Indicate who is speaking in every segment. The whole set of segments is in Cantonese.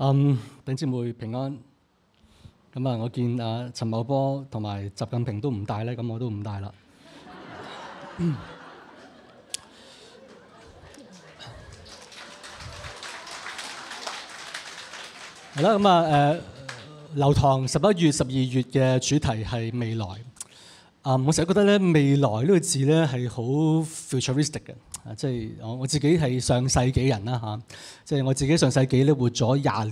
Speaker 1: 嗯，等姊、um, 妹平安。咁、嗯、啊，我見啊陳茂波同埋習近平都唔帶咧，咁、嗯、我都唔帶啦。好啦、 嗯，咁啊誒，流堂十一月、十二月嘅主題係未來。啊、嗯，我成日覺得咧，未來呢個字咧係好 futuristic 嘅。即係我我自己係上世紀人啦嚇，即係我自己上世紀咧活咗廿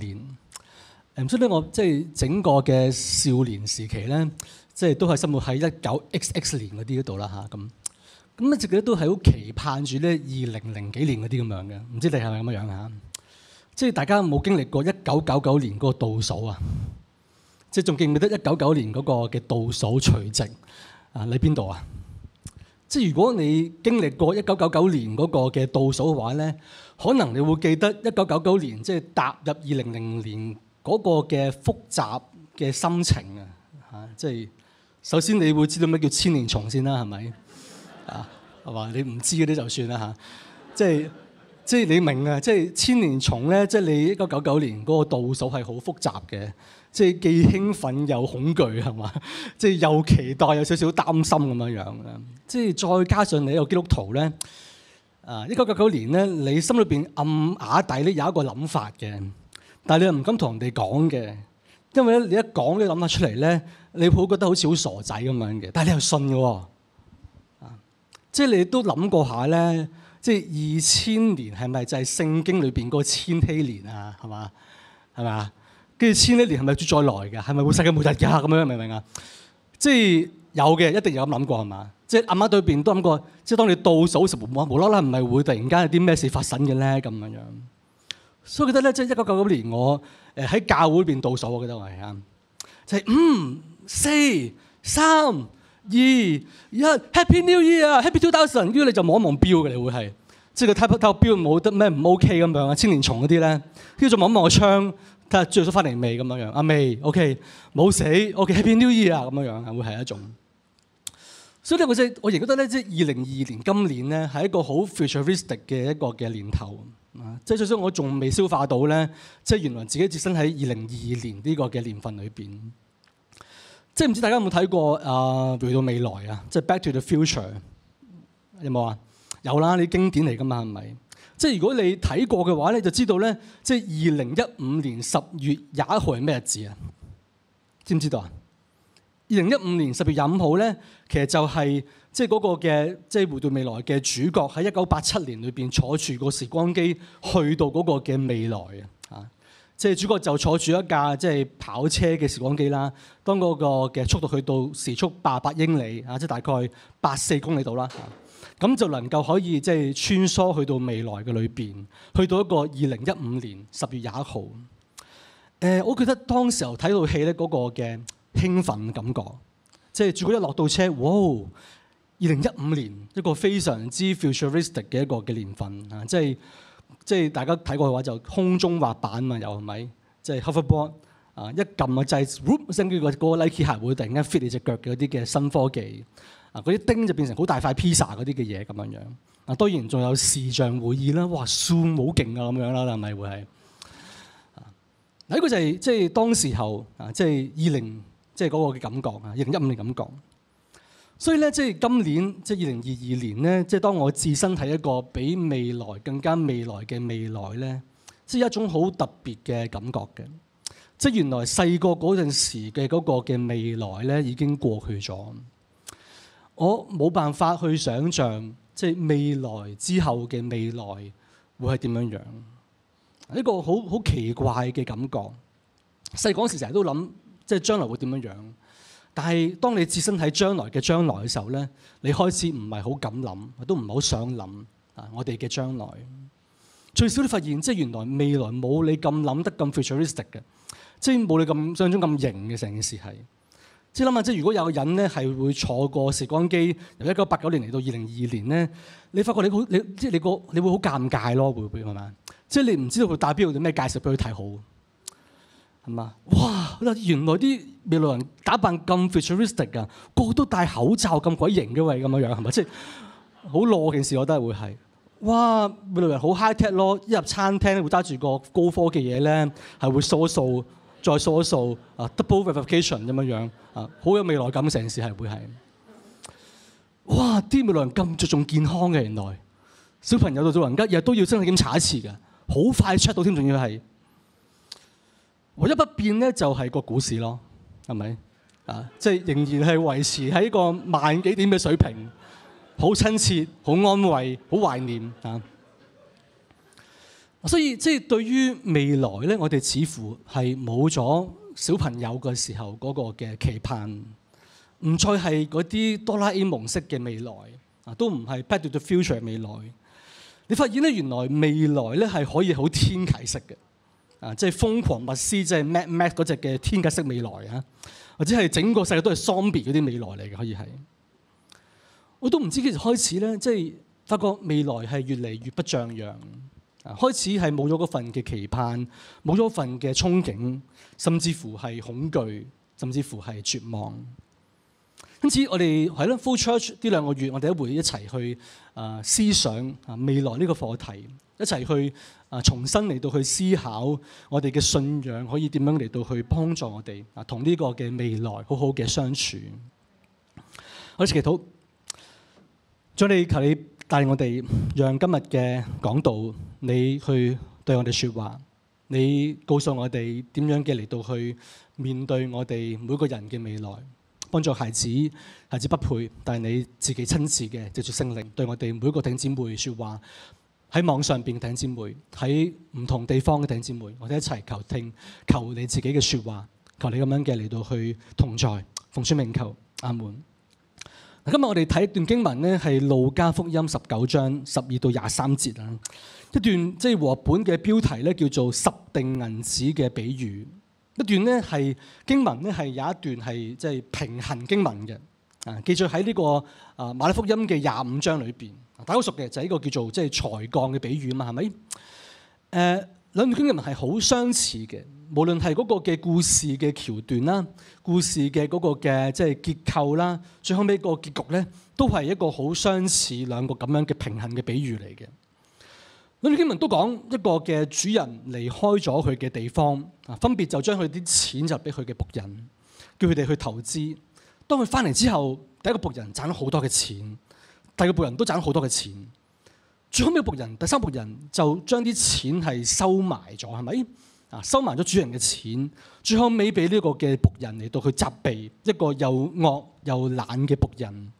Speaker 1: 年，誒，所以咧我即係整個嘅少年時期咧，即係都係生活喺一九 X X 年嗰啲度啦嚇，咁咁咧自己都係好期盼住咧二零零幾年嗰啲咁樣嘅，唔知你係咪咁嘅樣嚇？即係大家冇經歷過一九九九年嗰個倒數啊，即係仲記唔記得一九九九年嗰個嘅倒數除夕啊？喺邊度啊？即係如果你經歷過一九九九年嗰個嘅倒數嘅話咧，可能你會記得一九九九年即係踏入二零零年嗰個嘅複雜嘅心情啊！嚇，即係首先你會知道咩叫千年蟲先啦，係咪？啊，係嘛？你唔知嗰啲就算啦嚇。即係即係你明啊！即係千年蟲咧，即係你一九九九年嗰個倒數係好複雜嘅。即係既興奮又恐懼係嘛？即係 又期待有少少擔心咁樣樣。即係再加上你又基督徒咧，啊，一九九九年咧，你心裏邊暗啞底咧有一個諗法嘅，但係你又唔敢同人哋講嘅，因為咧你一講你諗下出嚟咧，你會覺得好似好傻仔咁樣嘅。但係你又信嘅喎，啊，即係你都諗過下咧，即係二千年係咪就係聖經裏邊個千禧年啊？係嘛？係嘛？跟住千禧年係咪再再來嘅？係咪會世界末日嘅？咁樣明唔明啊？即係有嘅，一定有咁諗過係嘛？即係阿媽對邊都諗過。即係當你倒數時，冇冇無啦啦，唔係會突然間有啲咩事發生嘅咧？咁樣樣。所以覺得咧，即係一九九九年，我誒喺、呃、教會邊倒數，我覺得我係啱。就係五、四、三、二、一，Happy New Year 啊！Happy New Year，2000。跟住你就望一望表嘅，你會係即係睇不睇個表冇得咩唔 OK 咁樣啊？千年蟲嗰啲咧，跟住就望一望個窗。睇下著咗翻嚟未咁樣樣？阿、啊、未？OK，冇死？OK，Happy new year 啊？咁樣樣啊，會係一種。所以咧，我即我認覺得咧，即係二零二二年今年咧，係一個好 futuristic 嘅一個嘅年頭啊！即係至少我仲未消化到咧，即係原來自己置身喺二零二二年呢個嘅年份裏邊。即係唔知大家有冇睇過啊？呃、回到未來啊！即係 Back to the Future 有冇啊？有啦，啲經典嚟噶嘛，係咪？即係如果你睇過嘅話咧，就知道咧，即係二零一五年十月廿一號係咩日子啊？知唔知道啊？二零一五年十月廿五號咧，其實就係即係嗰個嘅即係回到未來嘅主角喺一九八七年裏邊坐住個時光機去到嗰個嘅未來啊！啊，即係主角就坐住一架即係跑車嘅時光機啦。當嗰個嘅速度去到時速八百英里啊，即係大概八四公里度啦。咁就能夠可以即係穿梭去到未來嘅裏邊，去到一個二零一五年十月廿一號。誒、呃，我記得當時候睇到戲咧嗰個嘅興奮感覺，即係如果一落到車，哇！二零一五年一個非常之 futuristic 嘅一個嘅年份啊！即係即係大家睇過嘅話，就空中滑板嘛，又係咪？即係 hoverboard 啊！一撳啊掣係 roof，跟住個嗰個 Nike 鞋會突然間 fit 你隻腳嘅嗰啲嘅新科技。嗱，嗰啲丁就變成好大塊披薩嗰啲嘅嘢咁樣樣。嗱，當然仲有視像會議啦，哇，算好勁啊咁樣啦，係咪會係？呢個就係即係當時候啊，即係二零即係嗰個嘅感覺啊，二零一五年感覺。所以咧，即係今年即係二零二二年咧，即係當我自身係一個比未來更加未來嘅未來咧，即係一種好特別嘅感覺嘅。即係原來細個嗰陣時嘅嗰個嘅未來咧，已經過去咗。我冇辦法去想像，即係未來之後嘅未來會係點樣樣？呢個好好奇怪嘅感覺。細嗰時成日都諗，即係將來會點樣樣？但係當你置身喺將來嘅將來嘅時候咧，你開始唔係好敢諗，都唔係好想諗啊！我哋嘅將來最少你發現，即係原來未來冇你咁諗得咁 futuristic 嘅，即係冇你咁想象中咁型嘅成件事係。即係諗下，即係如果有個人咧，係會坐過時光機由一九八九年嚟到二零二二年咧，你發覺你，你，你，你，你好，你即係你個你會好尷尬咯，會唔會係嘛？即係你唔知道佢代表我啲咩介紹俾佢睇好，係嘛？哇！原來啲未來人打扮咁 futuristic 㗎，個個都戴口罩咁鬼型嘅喎，咁樣樣係咪？即係好攞件事，我都係會係。哇！未來人好 high tech 咯，一入餐廳會揸住個高科嘅嘢咧，係會掃掃。再掃一掃，啊，double verification 咁樣樣，啊，好有未來感城市係會係，哇！啲未來人咁注重健康嘅原來，小朋友到老人家日日都要身體檢查一次嘅，好快 check 到添，仲要係，唯一不變咧就係、是、個股市咯，係咪？啊，即係仍然係維持喺一個萬幾點嘅水平，好親切，好安慰，好懷念啊！所以即係、就是、對於未來咧，我哋似乎係冇咗小朋友嘅時候嗰個嘅期盼，唔再係嗰啲哆啦 A 夢式嘅未來啊都唔係 Back to the Future 未來，你發現咧，原來未來咧係可以好天啟式嘅，啊即係瘋狂密斯即係 Mad Max 嗰隻嘅天啟式未來啊，或者係整個世界都係 Zombie 嗰啲未來嚟嘅，可以係，我都唔知幾時開始咧，即、就、係、是、發覺未來係越嚟越不像樣。開始係冇咗嗰份嘅期盼，冇咗份嘅憧憬，甚至乎係恐懼，甚至乎係絕望。因此我，我哋係咯 flow church 呢兩個月，我哋都會一齊去啊思想啊未來呢個課題，一齊去啊重新嚟到去思考我哋嘅信仰可以點樣嚟到去幫助我哋啊，同呢個嘅未來好好嘅相處。好，開始祈禱，再嚟求你。但係我哋讓今日嘅講道，你去對我哋說話，你告訴我哋點樣嘅嚟到去面對我哋每一個人嘅未來，幫助孩子，孩子不配，但係你自己親自嘅藉住聖靈對我哋每一個頂姊妹說話，喺網上邊頂姊妹，喺唔同地方嘅頂姊妹，我哋一齊求聽，求你自己嘅說話，求你咁樣嘅嚟到去同在，奉主名求，阿門。今日我哋睇一段經文咧，係路加福音十九章十二到廿三節啦。一段即係和本嘅標題咧，叫做十錠銀子嘅比喻。一段咧係經文咧係有一段係即係平行經文嘅。啊，記住喺呢、這個啊馬太福音嘅廿五章裏邊，大家都熟嘅就係一個叫做即係才幹嘅比喻啊嘛，係咪？誒、呃。兩段經文係好相似嘅，無論係嗰個嘅故事嘅橋段啦、故事嘅嗰個嘅即係結構啦，最後尾個結局咧都係一個好相似兩個咁樣嘅平衡嘅比喻嚟嘅。兩段經文都講一個嘅主人離開咗佢嘅地方，分別就將佢啲錢就俾佢嘅僕人，叫佢哋去投資。當佢翻嚟之後，第一個僕人賺咗好多嘅錢，第二個僕人都賺咗好多嘅錢。最後尾僕人，第三僕人就將啲錢係收埋咗，係咪？啊，收埋咗主人嘅錢。最後尾俾呢個嘅僕人嚟到去責備一個又惡又懶嘅僕人。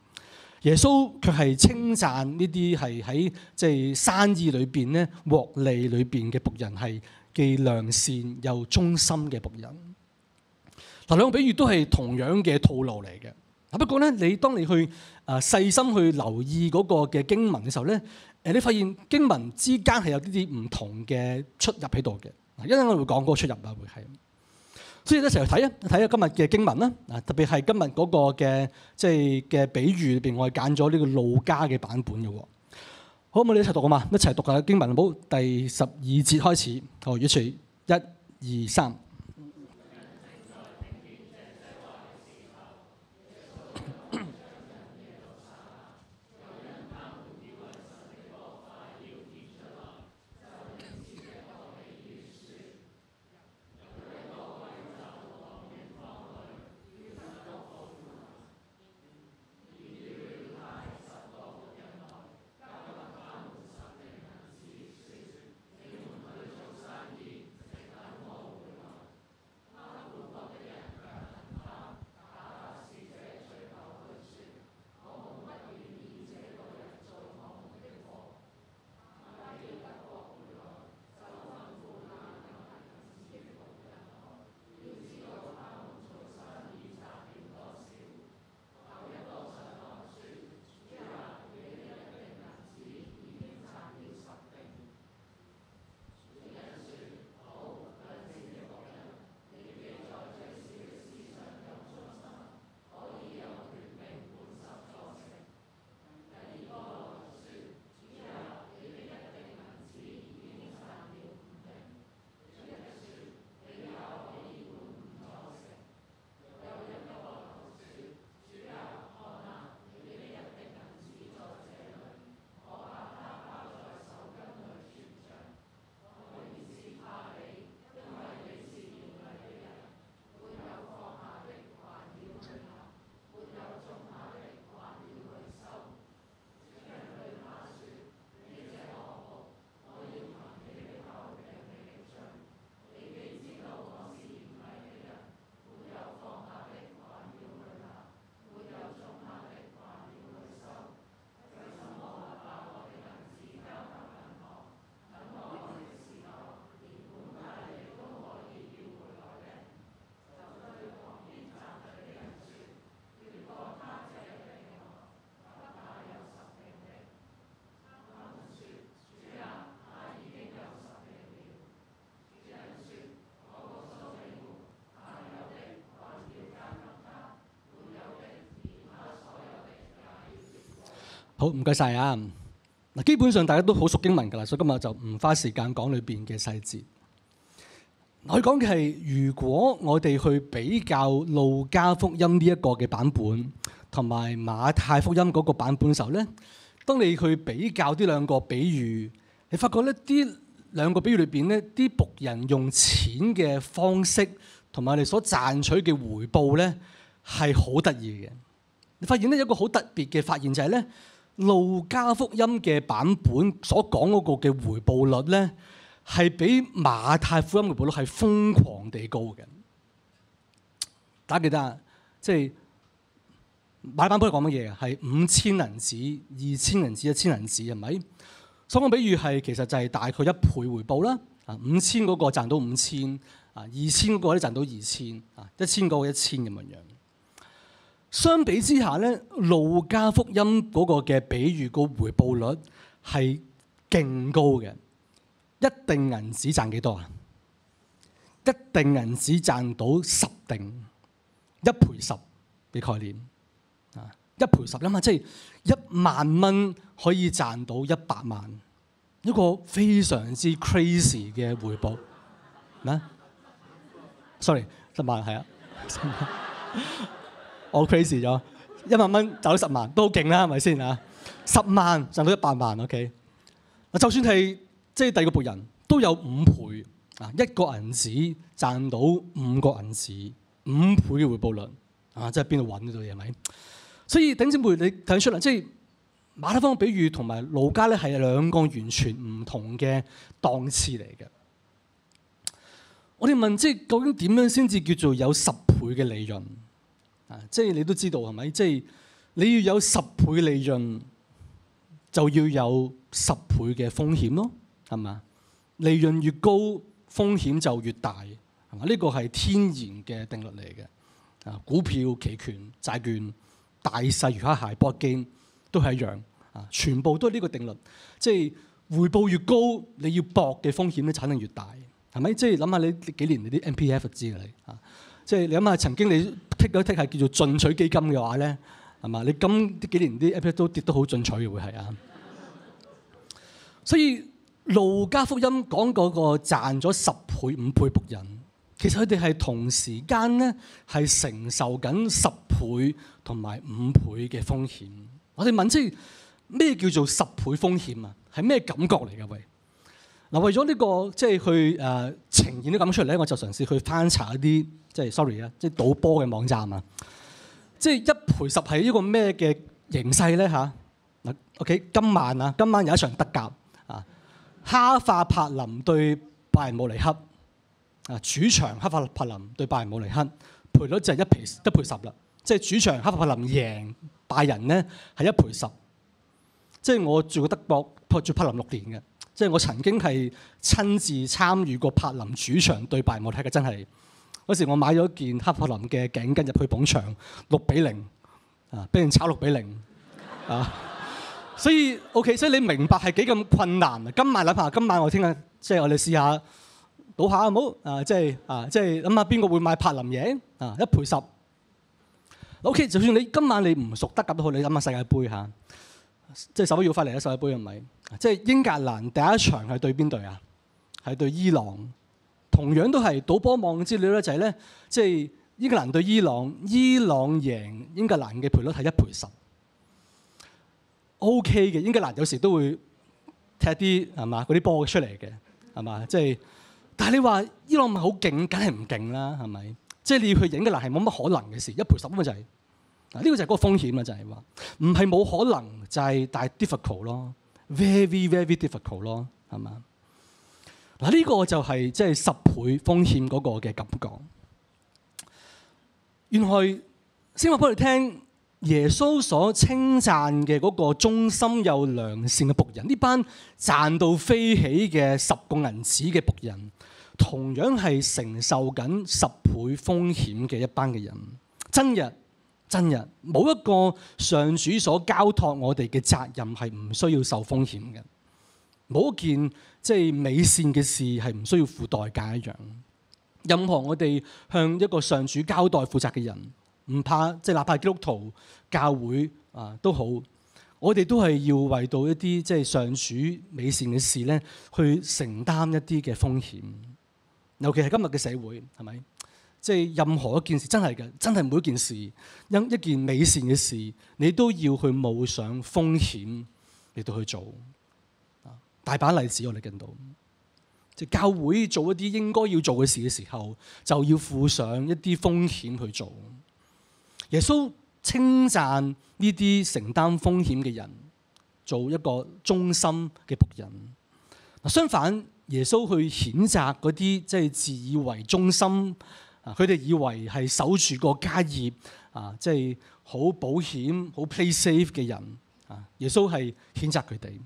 Speaker 1: 耶穌卻係稱讚呢啲係喺即係生意裏邊咧獲利裏邊嘅僕人係既良善又忠心嘅僕人。嗱，兩個比喻都係同樣嘅套路嚟嘅。不過咧，你當你去啊細心去留意嗰個嘅經文嘅時候咧。你發現經文之間係有啲啲唔同嘅出入喺度嘅，一陣我哋會講嗰個出入啊，會係。所以一齊去睇啊，睇啊，今日嘅經文啦，特別係今日嗰個嘅、就是、比喻裏面我哋揀咗呢個路加嘅版本嘅。好唔好？你一齊讀啊嘛，一齊讀一下經文好，第十二節開始。哦，預備，一二三。好，唔該晒啊！嗱，基本上大家都好熟經文㗎啦，所以今日就唔花時間講裏邊嘅細節。我講嘅係，如果我哋去比較路加福音呢一個嘅版本，同埋馬太福音嗰個版本嘅時候咧，當你去比較呢兩個比喻，你發覺咧，啲兩個比喻裏邊咧，啲僕人用錢嘅方式，同埋你所賺取嘅回報咧，係好得意嘅。你發現咧，有個好特別嘅發現就係咧。路加福音嘅版本所講嗰個嘅回報率咧，係比馬太福音回報率係瘋狂地高嘅。大家記得啊，即係買版本講乜嘢啊？係五千銀紙、二千銀紙、一千銀紙，係咪？所講比喻係其實就係大概一倍回報啦。啊，五千嗰個賺到五千，啊，二千嗰啲賺到二千，啊，一千嗰個一千咁樣樣。相比之下咧，路加福音嗰個嘅比喻個回報率係勁高嘅。一定銀紙賺幾多啊？一定銀紙賺到十定，一倍十嘅概念啊！一倍十啊嘛，即係一萬蚊可以賺到一百萬，一個非常之 crazy 嘅回報。咩 ？Sorry，十萬係啊。 我、oh, crazy 咗，一萬蚊賺到十萬，都好勁啦，係咪先啊？十萬賺到一百萬，ok。啊，就算係即係第二個僕人，都有五倍啊，一個銀紙賺到五個銀紙，五倍嘅回報率啊，即係邊度揾到嘢係咪？所以弟兄姊妹，你睇出嚟，即係馬太福音嘅比喻同埋路加咧，係兩個完全唔同嘅檔次嚟嘅。我哋問，即係究竟點樣先至叫做有十倍嘅利潤？啊，即係你都知道係咪？即係你要有十倍利潤，就要有十倍嘅風險咯，係嘛？利潤越高，風險就越大，係嘛？呢個係天然嘅定律嚟嘅。啊，股票、期權、債券、大細魚蝦蟹波經都係一樣。啊，全部都係呢個定律。即係回報越高，你要搏嘅風險咧，就肯定越大，係咪？即係諗下你幾年你啲 MPF 知㗎你啊。即係你諗下，曾經你剔咗剔 k 係叫做進取基金嘅話咧，係嘛？你今啲幾年啲 A 股都跌得好進取嘅會係啊。 所以路加福音講嗰個賺咗十倍五倍僕人，其實佢哋係同時間咧，係承受緊十倍同埋五倍嘅風險。我哋問，即係咩叫做十倍風險啊？係咩感覺嚟㗎，喂？嗱，為咗呢、呢個即係去誒、呃呃、呈現啲咁出嚟咧，我就嘗試去翻查一啲即係 sorry 即即啊，即係賭波嘅網站啊，即係一賠十係一個咩嘅形勢咧吓？嗱，OK，今晚啊，今晚有一場德甲啊，哈法柏林對拜仁慕尼黑啊，主場哈法柏林對拜仁慕尼黑，賠率就係一賠一賠十啦，即係主場哈法柏林贏拜仁咧係一賠十，即係我住過德國住柏林六年嘅。即係我曾經係親自參與過柏林主場對拜，我睇嘅真係嗰時我買咗件黑柏林嘅頸巾入去捧場，六比零啊，俾人炒六比零 啊，所以 OK，所以你明白係幾咁困難啊？今晚哪怕今晚我聽下，即係我哋試下賭下好唔好？啊，即係啊，即係諗下邊個會買柏林贏？啊？一倍十 OK，就算你今晚你唔熟德甲都好，你諗下世界杯。嚇、啊。即係首要翻嚟嘅世界盃係咪？即係英格蘭第一場係對邊隊啊？係對伊朗，同樣都係賭波網嘅資料咧，就係、是、咧，即係英格蘭對伊朗，伊朗贏英格蘭嘅賠率係一賠十，OK 嘅。英格蘭有時都會踢啲係嘛嗰啲波出嚟嘅係嘛？即係、就是，但係你話伊朗咪好勁，梗係唔勁啦，係咪？即、就、係、是、你要去英格蘭係冇乜可能嘅事，一賠十咁就係、是。呢個就係嗰個風險啊！就係話唔係冇可能，就係、是、但係 difficult 咯，very very difficult 咯，係嘛？嗱，呢、這個就係即係十倍風險嗰個嘅感覺。原來先話俾你聽，耶穌所稱讚嘅嗰個忠心又良善嘅僕人，呢班賺到飛起嘅十個銀子嘅僕人，同樣係承受緊十倍風險嘅一班嘅人，真嘅。真人冇一個上主所交託我哋嘅責任係唔需要受風險嘅，冇一件即係美善嘅事係唔需要付代價一樣。任何我哋向一個上主交代負責嘅人，唔怕即係哪怕基督徒教會啊都好，我哋都係要為到一啲即係上主美善嘅事咧，去承擔一啲嘅風險，尤其係今日嘅社會，係咪？即係任何一件事，真係嘅，真係每一件事，一一件美善嘅事，你都要去冒上風險，你都去做。大把、啊、例子我哋見到，即、就是、教會做一啲應該要做嘅事嘅時候，就要付上一啲風險去做。耶穌稱讚呢啲承擔風險嘅人，做一個忠心嘅僕人、啊。相反，耶穌去譴責嗰啲即係自以為忠心。佢哋以為係守住個家業啊，即係好保險、好 play safe 嘅人啊。耶穌係譴責佢哋。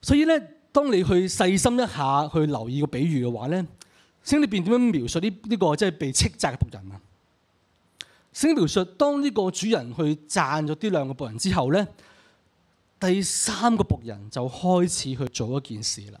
Speaker 1: 所以咧，當你去細心一下去留意個比喻嘅話咧，聖經裡邊點樣描述呢呢個即係被斥責嘅僕人啊？聖經描述，當呢個主人去贊咗啲兩個僕人之後咧，第三個僕人就開始去做一件事啦。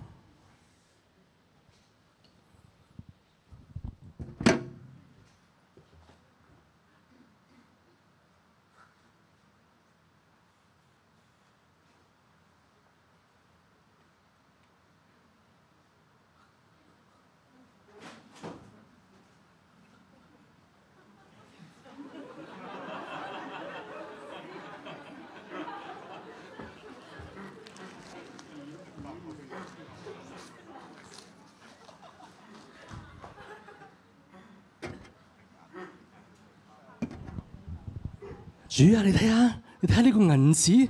Speaker 1: 主啊，你睇下，你睇下呢個銀紙，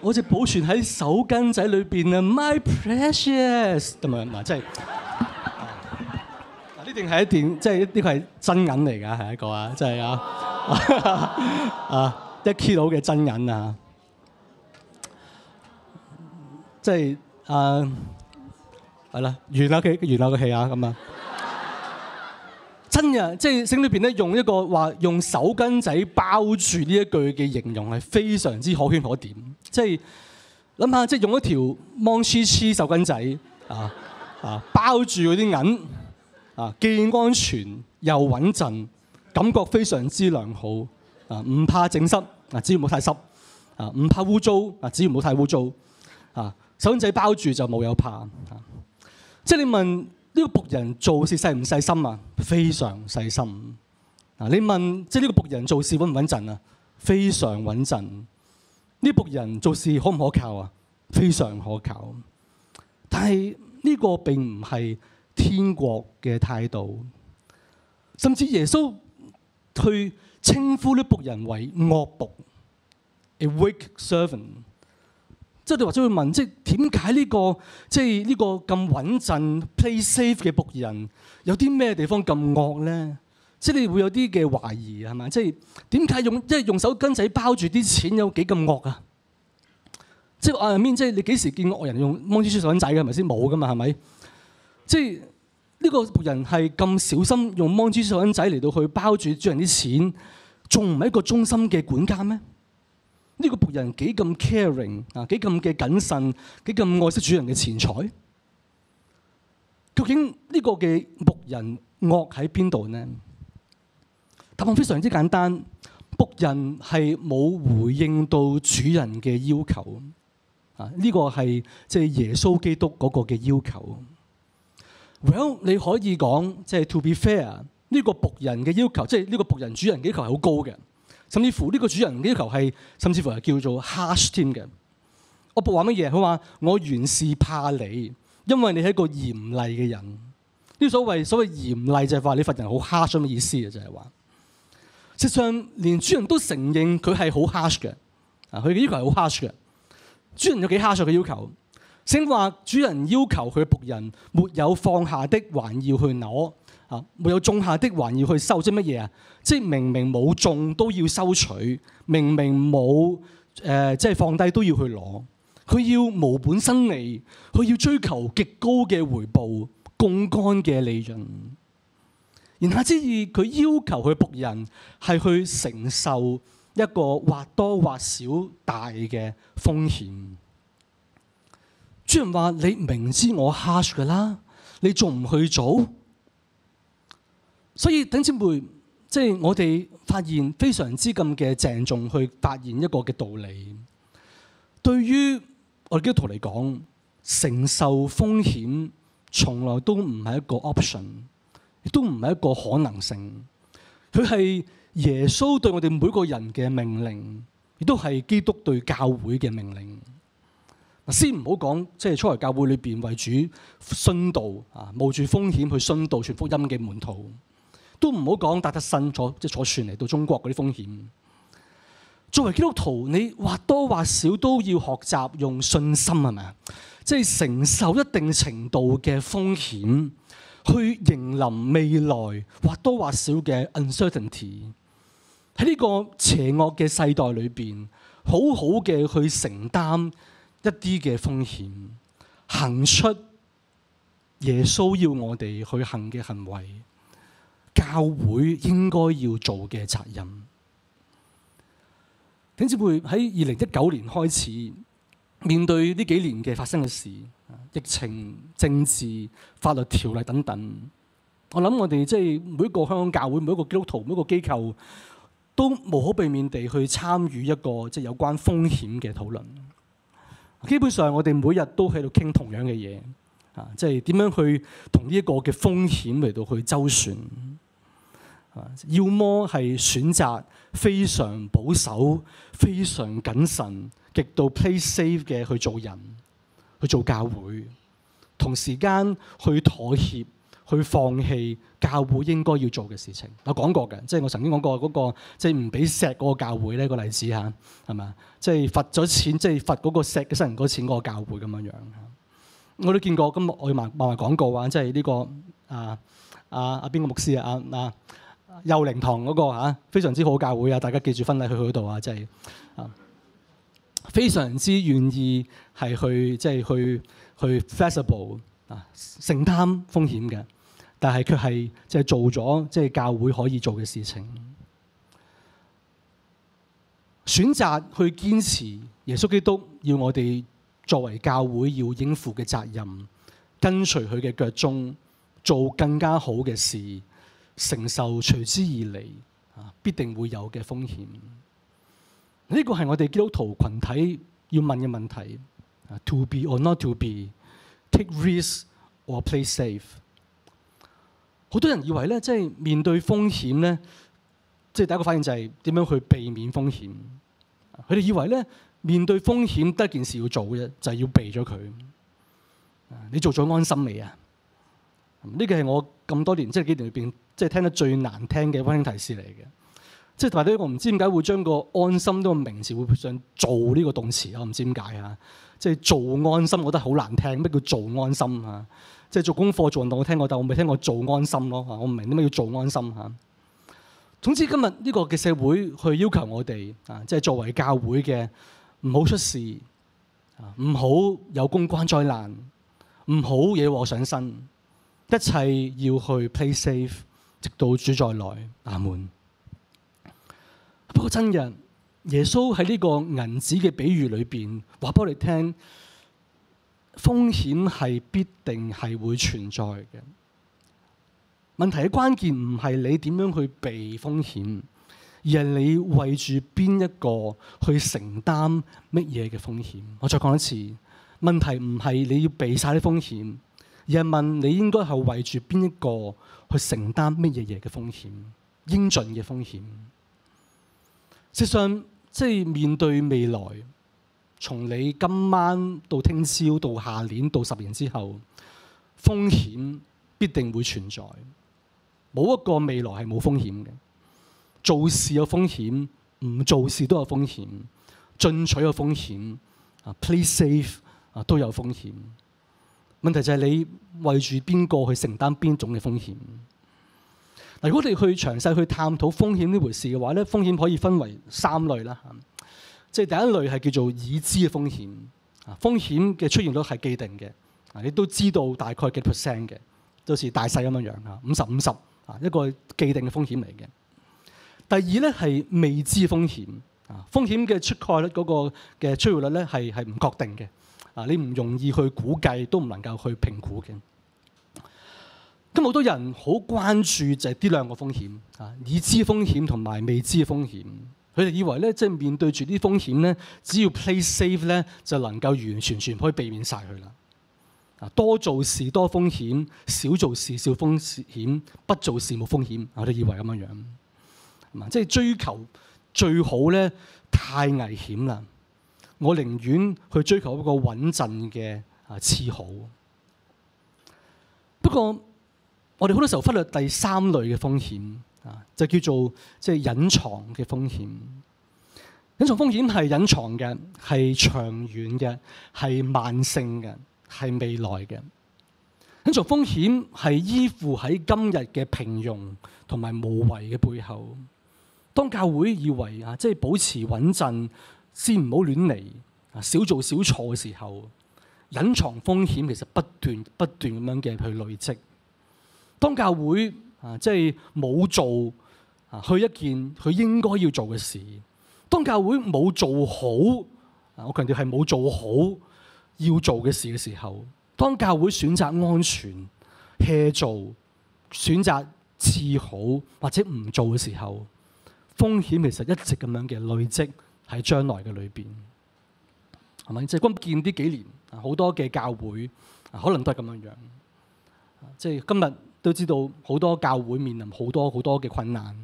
Speaker 1: 我只保存喺手巾仔裏邊啊，my precious。咁樣嗱，即 係樂，呢定係一段，即係呢個係真銀嚟㗎，係一個啊， 即係啊，啊一 kilo 嘅真銀啊，即係啊，係啦，完啦嘅，完啦個氣啊，咁啊。真嘅，即係聖經裏邊咧，用一個話用手巾仔包住呢一句嘅形容係非常之可圈可點。即係諗下，即係用一條芒痴痴手巾仔啊啊包住嗰啲銀啊，既安全又穩陣，感覺非常之良好啊，唔怕整濕啊，只要唔好太濕啊，唔怕污糟啊，只要唔好太污糟啊，手巾仔包住就冇有怕啊。即係你問，呢個僕人做事細唔細心啊？非常細心。嗱，你問，即係呢個僕人做事穩唔穩陣啊？非常穩陣。呢僕人做事可唔可靠啊？非常可靠。但係呢個並唔係天國嘅態度，甚至耶穌去稱呼呢僕人為惡僕，a wicked servant。即係你或者會問，即係點解呢個即係呢個咁穩陣、play safe 嘅僕人有啲咩地方咁惡咧？即係你會有啲嘅懷疑啊，係咪？即係點解用即係用手巾仔包住啲錢有幾咁惡啊？即係眼面，即係你幾時見惡人用芒豬手巾仔嘅，係咪先？冇㗎嘛係咪？即係呢個僕人係咁小心用芒豬手巾仔嚟到去包住主人啲錢，仲唔係一個忠心嘅管家咩？呢個僕人幾咁 caring 啊？幾咁嘅謹慎？幾咁愛惜主人嘅錢財？究竟呢個嘅僕人惡喺邊度呢？答案非常之簡單。僕人係冇回應到主人嘅要求。啊，呢個係即係耶穌基督嗰個嘅要求。Well，你可以講即係 to be fair，呢個僕人嘅要求，即係呢個僕人主人嘅要求係好高嘅。甚至乎呢個主人嘅要求係，甚至乎係叫做 harsh 添嘅。我僕話乜嘢？佢話我原是怕你，因為你係一個嚴厲嘅人。呢、這個、所謂所謂嚴厲就係話你份人好 harsh 咁嘅意思嘅，就係、是、話。實際上連主人都承認佢係好 harsh 嘅，啊佢嘅要求係好 harsh 嘅。主人有幾 harsh 嘅要求？先話主人要求佢僕人沒有放下的，還要去攞。啊！沒有種下的還要去收，即係乜嘢啊？即係明明冇種都要收取，明明冇誒、呃、即係放低都要去攞，佢要無本生利，佢要追求極高嘅回報、槓桿嘅利潤。言下之意，佢要求佢僕人係去承受一個或多或少大嘅風險。主人話：你明知我 harsh 嘅啦，你仲唔去做？所以等尖會即係，我哋發現非常之咁嘅鄭重去發現一個嘅道理。對於我哋基督徒嚟講，承受風險從來都唔係一個 option，亦都唔係一個可能性。佢係耶穌對我哋每個人嘅命令，亦都係基督對教會嘅命令。先唔好講，即係初嚟教會裏邊為主殉道啊，冒住風險去殉道全福音嘅門徒。都唔好講，戴德生坐即坐船嚟到中國嗰啲風險。作為基督徒，你或多或少都要學習用信心係咪啊？即係承受一定程度嘅風險，去迎臨未來或多或少嘅 uncertainty。喺呢個邪惡嘅世代裏邊，好好嘅去承擔一啲嘅風險，行出耶穌要我哋去行嘅行為。教會應該要做嘅責任，點知會喺二零一九年開始面對呢幾年嘅發生嘅事，疫情、政治、法律條例等等。我諗我哋即係每一個香港教會、每一個基督徒、每一個機構，都無可避免地去參與一個即係、就是、有關風險嘅討論。基本上，我哋每日都喺度傾同樣嘅嘢，啊，即係點樣去同呢一個嘅風險嚟到去周旋。要麼係選擇非常保守、非常謹慎、極度 play safe 嘅去做人，去做教會，同時間去妥協、去放棄教會應該要做嘅事情。我講過嘅，即係我曾經講過嗰個即係唔俾錫嗰個教會咧個例子嚇係咪啊？即係罰咗錢，即係罰嗰個錫嘅新人嗰錢嗰個教會咁樣樣。我都見過，今日我要賣賣埋廣告啊！即係呢個啊啊啊邊個牧師啊啊～幼靈堂嗰個吓、啊，非常之好教會啊！大家記住婚禮去佢嗰度啊，即、就、係、是啊、非常之願意係去，即、就、係、是、去、就是、去，去 flexible 啊，承擔風險嘅，但係佢係即係做咗即係教會可以做嘅事情，選擇去堅持耶穌基督，要我哋作為教會要應付嘅責任，跟隨佢嘅腳蹤，做更加好嘅事。承受隨之而嚟啊，必定會有嘅風險。呢個係我哋基督徒群體要問嘅問題。啊，to be or not to be, take risks or play safe。好多人以為咧，即係面對風險咧，即係第一個反應就係點樣去避免風險。佢哋以為咧，面對風險得一件事要做嘅啫，就係要避咗佢。你做咗安心未啊？呢個係我咁多年即係幾年裏邊。即係聽得最難聽嘅溫馨提示嚟嘅，即係同埋呢個唔知點解會將個安心呢個名詞會想做呢個動詞。我唔知點解啊！即係做，做安心，我覺得好難聽。乜叫做安心啊？即係做功課、做運動，我聽過，但我未聽過做安心咯。我唔明點解叫做安心啊！總之今日呢個嘅社會去要求我哋啊，即係作為教會嘅，唔好出事，唔好有公關災難，唔好惹禍上身，一切要去 play safe。直到主再來，阿門。不過真人耶穌喺呢個銀紙嘅比喻裏邊話畀我哋聽，風險係必定係會存在嘅。問題嘅關鍵唔係你點樣去避風險，而係你為住邊一個去承擔乜嘢嘅風險。我再講一次，問題唔係你要避晒啲風險，而係問你應該係為住邊一個。去承擔乜嘢嘢嘅風險，應盡嘅風險。事實上即係面對未來，從你今晚到聽朝到下年到十年之後，風險必定會存在。冇一個未來係冇風險嘅。做事有風險，唔做事都有風險。進取有風險，啊，play safe 啊都有風險。問題就係你為住邊個去承擔邊種嘅風險？嗱，如果你去詳細去探討風險呢回事嘅話咧，風險可以分為三類啦。即係第一類係叫做已知嘅風險，風險嘅出現率係既定嘅，你都知道大概幾 percent 嘅，都似、就好似、大細咁樣樣嚇，五十五十啊，一個既定嘅風險嚟嘅。第二咧係未知風險，風險嘅出蓋率嗰個嘅出現率咧係係唔確定嘅。啊！你唔容易去估計，都唔能夠去評估嘅。咁好多人好關注就係呢兩個風險啊，已知風險同埋未知嘅風險。佢哋以為咧，即係面對住啲風險咧，只要 play safe 咧，就能夠完完全全可以避免晒佢啦。啊，多做事多風險，少做事少風險，不做事冇風險。我都以為咁樣樣。即係追求最好咧，太危險啦。我寧願去追求一個穩陣嘅啊次好。不過，我哋好多時候忽略第三類嘅風險啊，就叫做即係隱藏嘅風險。隱藏風險係隱藏嘅，係長遠嘅，係慢性嘅，係未來嘅。隱藏風險係依附喺今日嘅平庸同埋無為嘅背後。當教會以為啊，即係保持穩陣。先唔好亂嚟，少做少錯嘅時候，隱藏風險其實不斷不斷咁樣嘅去累積。當教會啊，即係冇做啊，去一件佢應該要做嘅事；當教會冇做好，我強調係冇做好要做嘅事嘅時候；當教會選擇安全、hea 做、選擇次好或者唔做嘅時候，風險其實一直咁樣嘅累積。喺將來嘅裏邊，係咪即係關鍵呢幾年，好多嘅教會可能都係咁樣樣。即係今日都知道好多教會面臨好多好多嘅困難，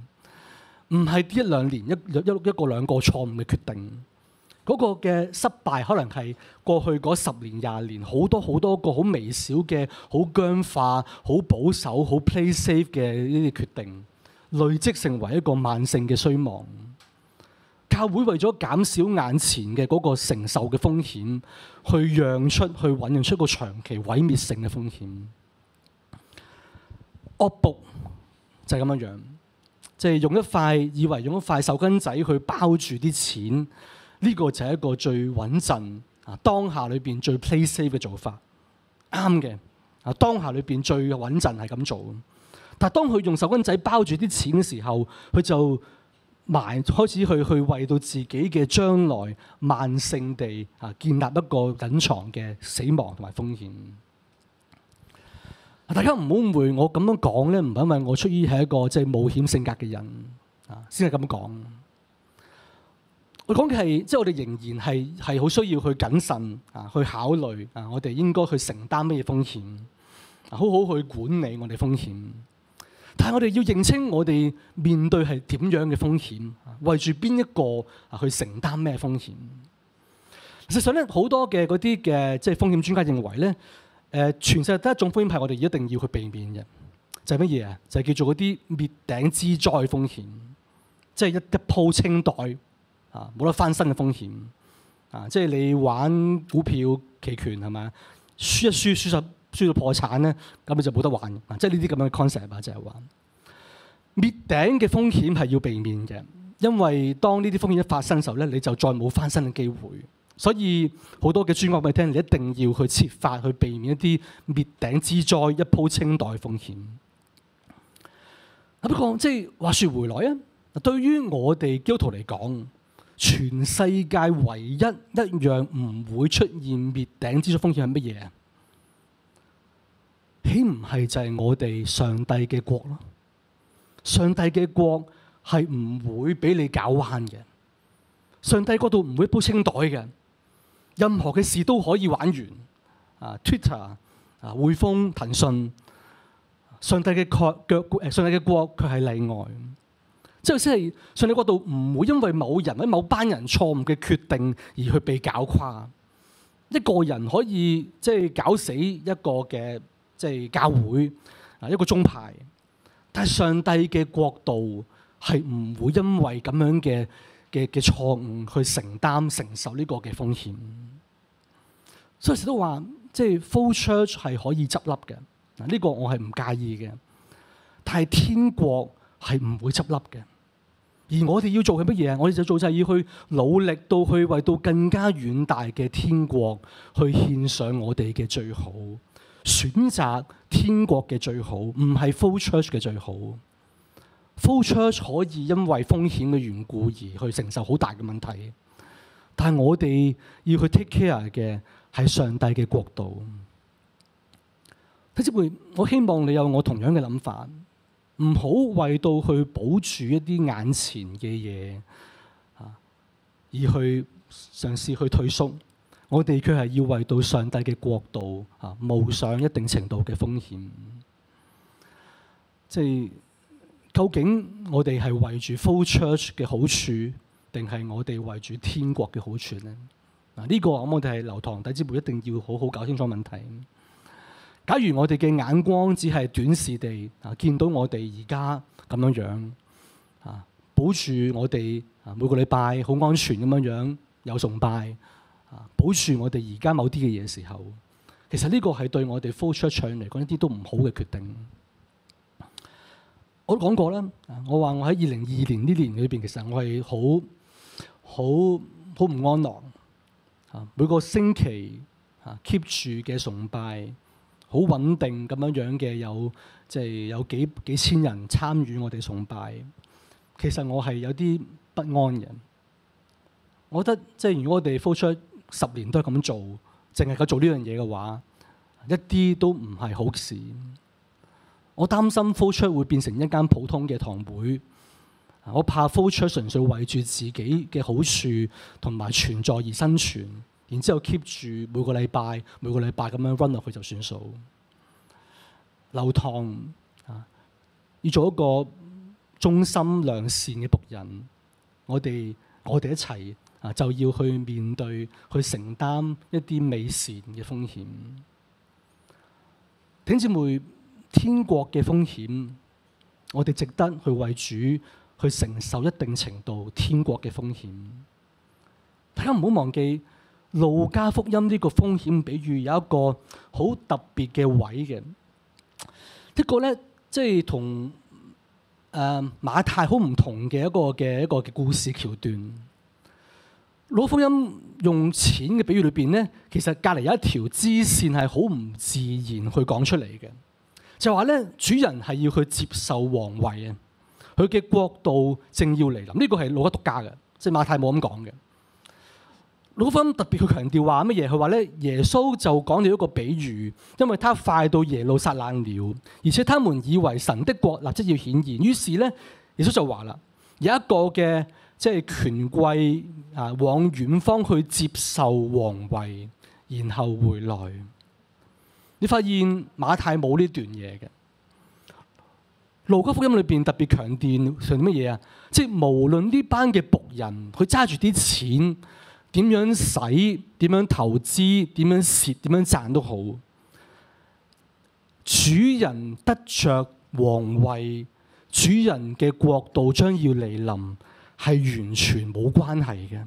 Speaker 1: 唔係一兩年一一一,一,一個兩個錯誤嘅決定，嗰、嗰個嘅失敗可能係過去嗰十年廿年好多好多個好微小嘅好僵化、好保守、好 play safe 嘅呢啲決定累積成為一個慢性嘅衰亡。教會為咗減少眼前嘅嗰個承受嘅風險，去讓出去運用出個長期毀滅性嘅風險。惡僕就係咁樣樣，即係用一塊以為用一塊手巾仔去包住啲錢，呢個就係一個最穩陣啊！當下裏邊最 play safe 嘅做法啱嘅啊！當下裏邊最穩陣係咁做，但係當佢用手巾仔包住啲錢嘅時候，佢就埋開始去去為到自己嘅將來慢性地啊，建立一個隱藏嘅死亡同埋風險。大家唔好誤會我，我咁樣講咧，唔係因為我出於係一個即係冒險性格嘅人啊，先係咁講。我講嘅係，即係我哋仍然係係好需要去謹慎啊，去考慮啊，我哋應該去承擔乜嘢風險，好好去管理我哋風險。但係我哋要認清我哋面對係點樣嘅風險，為住邊一個去承擔咩風險？實際上咧，好多嘅嗰啲嘅即係風險專家認為咧，誒全世界得一種風險係我哋一定要去避免嘅，就係乜嘢啊？就係叫做嗰啲滅頂之災風險，即係一一鋪清袋啊，冇得翻身嘅風險啊！即係你玩股票期權係嘛，輸一輸輸十。輸到破產咧，咁你就冇得玩。即係呢啲咁嘅 concept 啊，就係話滅頂嘅風險係要避免嘅，因為當呢啲風險一發生嘅時候咧，你就再冇翻身嘅機會。所以好多嘅專家俾你聽，你一定要去設法去避免一啲滅頂之災、一鋪清袋嘅風險。不過，即係話説回來啊，對於我哋基督徒嚟講，全世界唯一一樣唔會出現滅頂之災風險係乜嘢啊？豈唔係就係我哋上帝嘅國咯。上帝嘅國係唔會俾你搞彎嘅。上帝國度唔會一鋪清袋嘅，任何嘅事都可以玩完啊。Twitter 啊、匯豐、騰訊，上帝嘅國，誒，上帝嘅國佢係例外，即係先係上帝國度唔會因為某人喺某班人錯誤嘅決定而去被搞垮。一個人可以即係、就是、搞死一個嘅。即係教會啊，一個宗派，但係上帝嘅國度係唔會因為咁樣嘅嘅嘅錯誤去承擔承受呢個嘅風險。嗯、所以有時都話，即係 full church 係可以執笠嘅，嗱、這、呢個我係唔介意嘅。但係天國係唔會執笠嘅，而我哋要做嘅乜嘢啊？我哋就做就係要去努力到去為到更加遠大嘅天國去獻上我哋嘅最好。選擇天國嘅最好，唔係 flow church 嘅最好。flow church 可以因為風險嘅緣故而去承受好大嘅問題，但係我哋要去 take care 嘅係上帝嘅國度。咁所以我希望你有我同樣嘅諗法，唔好為到去保住一啲眼前嘅嘢，啊，而去嘗試去退縮。我哋卻係要為到上帝嘅國度啊，冒上一定程度嘅風險。即係究竟我哋係為住 flow church 嘅好處，定係我哋為住天國嘅好處咧？嗱、這個，呢個我哋係流堂弟兄姊妹一定要好好搞清楚問題。假如我哋嘅眼光只係短視地啊，見到我哋而家咁樣樣啊，保住我哋每個禮拜好安全咁樣樣，有崇拜。保住我哋而家某啲嘅嘢時候，其實呢個係對我哋 four 出唱嚟講一啲都唔好嘅決定。我講過啦，我話我喺二零二年呢年裏邊，其實我係好好好唔安樂。啊，每個星期啊 keep 住嘅崇拜，好穩定咁樣樣嘅，有即係有幾幾千人參與我哋崇拜。其實我係有啲不安嘅。我覺得即係如果我哋 four 出十年都係咁做，淨係夠做呢樣嘢嘅話，一啲都唔係好事。我擔心 flow church 會變成一間普通嘅堂會，我怕 flow church 純粹為住自己嘅好處同埋存在而生存，然之後 keep 住每個禮拜每個禮拜咁樣 run 落去就算數。流堂啊，要做一個忠心良善嘅僕人，我哋我哋一齊。啊，就要去面對、去承擔一啲美善嘅風險。弟兄姊妹，天國嘅風險，我哋值得去為主去承受一定程度天國嘅風險。大家唔好忘記路加福音呢個風險比喻有一個好特別嘅位嘅、呃、一個咧，即係同誒馬太好唔同嘅一個嘅一個嘅故事橋段。老福音用錢嘅比喻裏邊咧，其實隔籬有一條支線係好唔自然去講出嚟嘅，就話咧主人係要去接受皇位啊，佢嘅國度正要嚟臨，呢個係老一獨家嘅，即係馬太冇咁講嘅。老福音特別去強調話乜嘢？佢話咧耶穌就講咗一個比喻，因為他快到耶路撒冷了，而且他們以為神的國立即要顯現，於是咧耶穌就話啦，有一個嘅。即係權貴啊，往遠方去接受皇位，然後回來。你發現馬太冇呢段嘢嘅，路加福音裏邊特別強調，強調乜嘢啊？即係無論呢班嘅僕人，佢揸住啲錢點樣使，點樣投資，點樣蝕，點樣賺都好。主人得着皇位，主人嘅國度將要嚟臨。係完全冇關係嘅。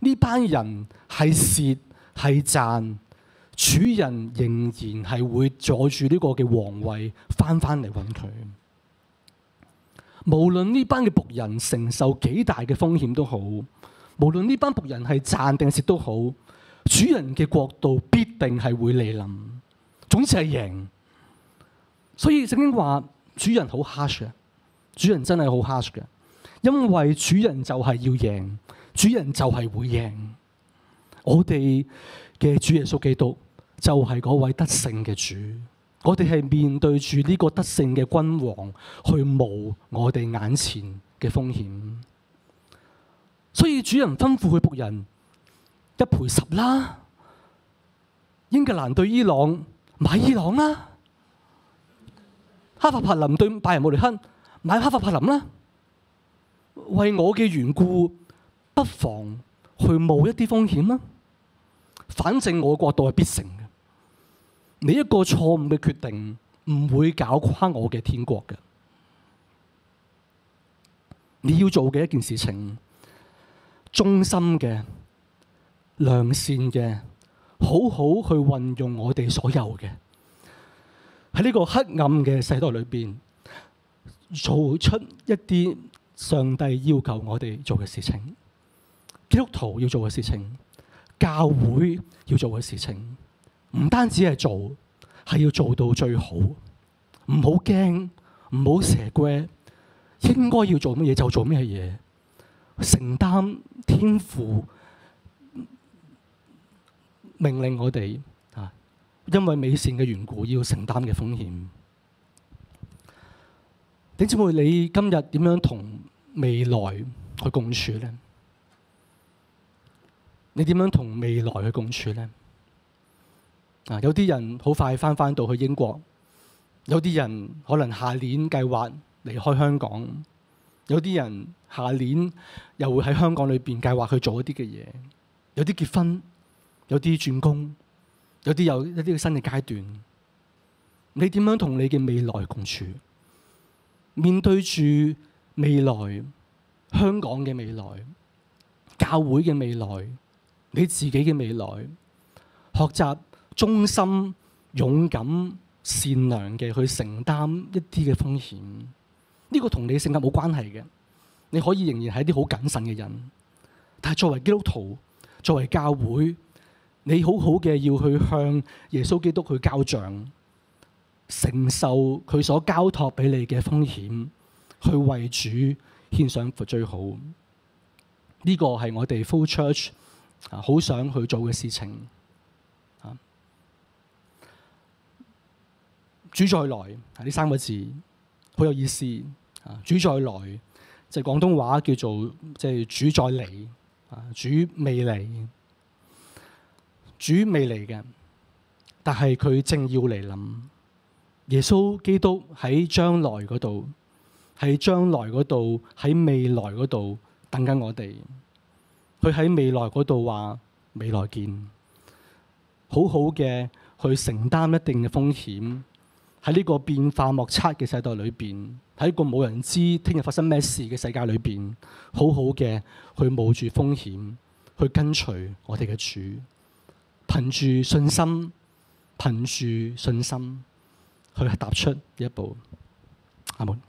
Speaker 1: 呢班人係蝕係賺，主人仍然係會阻住呢個嘅皇位，翻返嚟揾佢。無論呢班嘅僕人承受幾大嘅風險都好，無論呢班僕人係賺定係蝕都好，主人嘅國度必定係會嚟臨，總之係贏。所以聖經話主人好 harsh 嘅，主人真係好 harsh 嘅。因為主人就係要贏，主人就係會贏。我哋嘅主耶穌基督就係嗰位得勝嘅主，我哋係面對住呢個得勝嘅君王去冒我哋眼前嘅風險。所以主人吩咐去僕人一賠十啦。英格蘭對伊朗買伊朗啦，哈佛柏林對拜仁慕尼黑買哈佛柏林啦。為我嘅緣故，不妨去冒一啲風險啦。反正我國度係必成嘅。你一個錯誤嘅決定，唔會搞垮我嘅天國嘅。你要做嘅一件事情，忠心嘅、良善嘅，好好去運用我哋所有嘅。喺呢個黑暗嘅世代裏邊，做出一啲。上帝要求我哋做嘅事情，基督徒要做嘅事情，教會要做嘅事情，唔單止係做，係要做到最好。唔好驚，唔好蛇龜，應該要做乜嘢就做乜嘢，承擔天父命令我哋啊，因為美善嘅緣故要承擔嘅風險。丁姐妹，你今日點樣同未來去共處呢？你點樣同未來去共處呢？啊，有啲人好快翻返到去英國，有啲人可能下年計劃離開香港，有啲人下年又會喺香港裏邊計劃去做一啲嘅嘢，有啲結婚，有啲轉工，有啲有一啲新嘅階段。你點樣同你嘅未來共處？面對住未來，香港嘅未來、教會嘅未來、你自己嘅未來，學習忠心、勇敢、善良嘅去承擔一啲嘅風險。呢、這個同你性格冇關係嘅，你可以仍然係一啲好謹慎嘅人。但作為基督徒、作為教會，你好好嘅要去向耶穌基督去交帳。承受佢所交託俾你嘅風險，去為主獻上最好。呢、這個係我哋 flow church 啊，好想去做嘅事情啊。主再來呢三個字好有意思啊。主再來即係廣東話叫做即係、就是、主再嚟啊。主未嚟，主未嚟嘅，但係佢正要嚟臨。耶穌基督喺將來嗰度，喺將來嗰度，喺未來嗰度等緊我哋。佢喺未來嗰度話：未來見，好好嘅去承擔一定嘅風險。喺呢個變化莫測嘅世代裏邊，喺一個冇人知聽日發生咩事嘅世界裏邊，好好嘅去冒住風險去跟隨我哋嘅主，憑住信心，憑住信心。佢係踏出一步，阿門。